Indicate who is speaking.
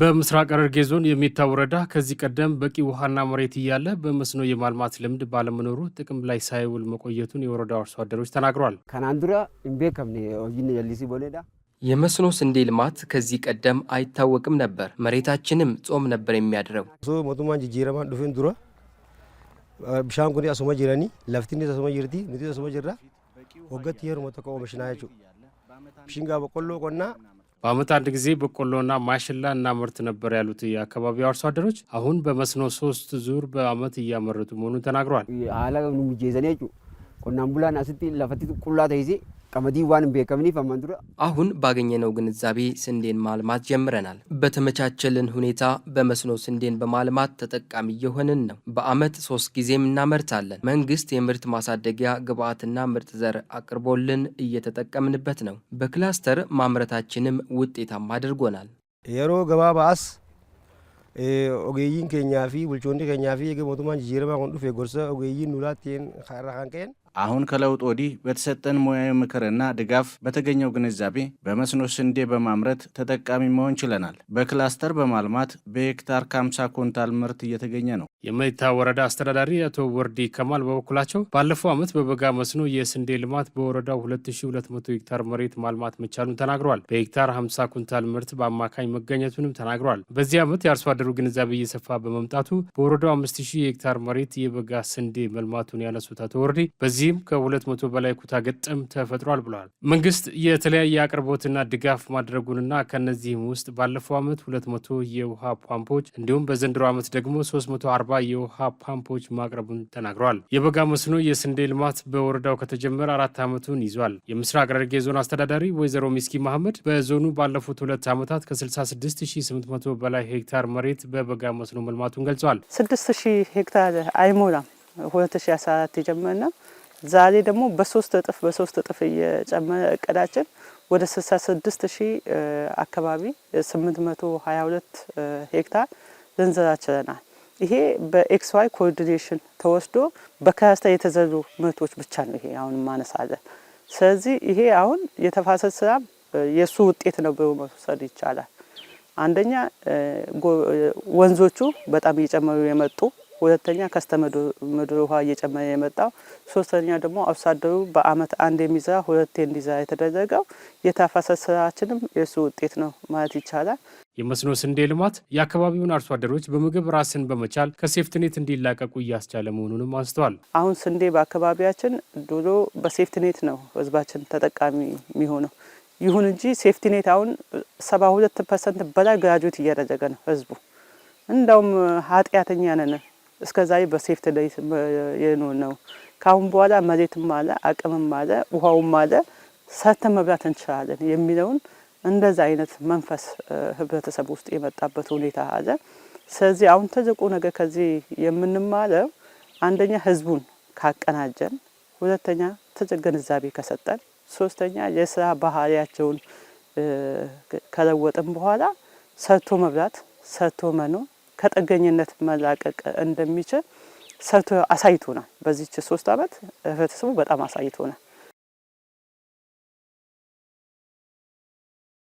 Speaker 1: በምስራቅ ሐረርጌ ዞን የሜታ ወረዳ ከዚህ ቀደም በቂ ውሃና መሬት እያለ በመስኖ የማልማት ልምድ ባለመኖሩ ጥቅም ላይ ሳይውል መቆየቱን የወረዳው አርሶ አደሮች ተናግረዋል። የመስኖ ስንዴ ልማት ከዚህ ቀደም አይታወቅም ነበር። መሬታችንም ጾም ነበር የሚያድረው። ቆና በዓመት አንድ ጊዜ በቆሎና ማሽላ እናመርት ነበር ያሉት የአካባቢው አርሶ አደሮች አሁን በመስኖ ሶስት ዙር በዓመት እያመረቱ መሆኑን ተናግረዋል።
Speaker 2: ቀመዲዋን ዋን ቤቀምኒ ፈመንዱረ
Speaker 1: አሁን ባገኘነው ግንዛቤ ስንዴን ማልማት ጀምረናል። በተመቻቸልን ሁኔታ በመስኖ ስንዴን በማልማት ተጠቃሚ የሆንን ነው። በአመት ሶስት ጊዜም እናመርታለን። መንግስት የምርት ማሳደጊያ ግብአትና ምርጥ ዘር አቅርቦልን እየተጠቀምንበት ነው። በክላስተር ማምረታችንም ውጤታማ አድርጎናል።
Speaker 2: የሮ ገባ በአስ ኦጌይን ኬኛፊ ቡልቾንዲ ኬኛፊ ሞቱማን ጅጅረማ ሁንዱፌ ጎርሰ ኦጌይን ኑላቴን ካራካንቀን
Speaker 1: አሁን ከለውጥ ወዲህ በተሰጠን ሙያዊ ምክርና ድጋፍ በተገኘው ግንዛቤ በመስኖ ስንዴ በማምረት ተጠቃሚ መሆን ችለናል። በክላስተር በማልማት በሄክታር 50 ኮንታል ምርት እየተገኘ ነው። የመይታ ወረዳ አስተዳዳሪ አቶ ወርዲ ከማል በበኩላቸው ባለፈው ዓመት በበጋ መስኖ የስንዴ ልማት በወረዳው 2200 ሄክታር መሬት ማልማት መቻሉን ተናግረዋል። በሄክታር 50 ኩንታል ምርት በአማካኝ መገኘቱንም ተናግረዋል። በዚህ ዓመት የአርሶ አደሩ ግንዛቤ እየሰፋ በመምጣቱ በወረዳው 5000 ሄክታር መሬት የበጋ ስንዴ መልማቱን ያነሱት አቶ ወርዲ በዚህ በዚህም ከ200 በላይ ኩታ ገጠም ተፈጥሯል ብለዋል። መንግስት የተለያየ አቅርቦትና ድጋፍ ማድረጉንና ከነዚህም ውስጥ ባለፈው ዓመት 200 የውሃ ፓምፖች እንዲሁም በዘንድሮ ዓመት ደግሞ 340 የውሃ ፓምፖች ማቅረቡን ተናግረዋል። የበጋ መስኖ የስንዴ ልማት በወረዳው ከተጀመረ አራት ዓመቱን ይዟል። የምስራቅ ሐረርጌ ዞን አስተዳዳሪ ወይዘሮ ሚስኪ መሐመድ በዞኑ ባለፉት ሁለት ዓመታት ከ66800 በላይ ሄክታር መሬት በበጋ መስኖ መልማቱን ገልጸዋል።
Speaker 3: 6000 ሄክታር አይሞላም። 2014 የጀመርነው ዛሬ ደግሞ በሶስት እጥፍ በሶስት እጥፍ እየጨመረ እቅዳችን ወደ 66 ሺህ አካባቢ 822 ሄክታር ዘንዘራ ችለናል። ይሄ በኤክስዋይ ኮኦርዲኔሽን ተወስዶ በካስታ የተዘሩ ምርቶች ብቻ ነው። ይሄ አሁን ማነሳለ። ስለዚህ ይሄ አሁን የተፋሰስ ስራ የእሱ ውጤት ነው ብሎ መውሰድ ይቻላል። አንደኛ ወንዞቹ በጣም እየጨመሩ የመጡ ሁለተኛ ከስተምድር ውሃ እየጨመረ የመጣው ሶስተኛ ደግሞ አብሳደሩ በአመት አንድ የሚዘራ ሁለቴ እንዲዘራ የተደረገው የታፈሰ ስራችንም የእሱ ውጤት ነው ማለት ይቻላል።
Speaker 1: የመስኖ ስንዴ ልማት የአካባቢውን አርሶ አደሮች በምግብ ራስን በመቻል ከሴፍትኔት እንዲላቀቁ እያስቻለ መሆኑንም አንስተዋል።
Speaker 3: አሁን ስንዴ በአካባቢያችን ድሮ በሴፍትኔት ነው ህዝባችን ተጠቃሚ የሚሆነው። ይሁን እንጂ ሴፍቲኔት አሁን ሰባ ሁለት ፐርሰንት በላይ ግራጁዌት እያደረገ ነው ህዝቡ። እንዳውም ኃጢአተኛ ነን እስከዛሬ በሴፍት ላይ የኖር ነው። ከአሁን በኋላ መሬትም አለ አቅምም አለ ውሃውም አለ ሰርተን መብላት እንችላለን የሚለውን እንደዛ አይነት መንፈስ ህብረተሰብ ውስጥ የመጣበት ሁኔታ አለ። ስለዚህ አሁን ትልቁ ነገር ከዚህ የምንማረው አንደኛ ህዝቡን ካቀናጀን፣ ሁለተኛ ትልቅ ግንዛቤ ከሰጠን፣ ሶስተኛ የስራ ባህሪያቸውን ከለወጥን በኋላ ሰርቶ መብላት ሰርቶ መኖር ከጥገኝነት መላቀቅ እንደሚችል ሰርቶ አሳይቶናል። በዚች ሶስት አመት ህብረተሰቡ በጣም አሳይቶናል።